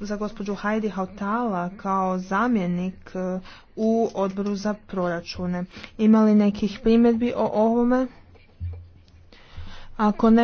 za gospođu Heidi Hautala kao zamjenik e, u odboru za proračune. Imali nekih primjedbi o ovome? Ako ne,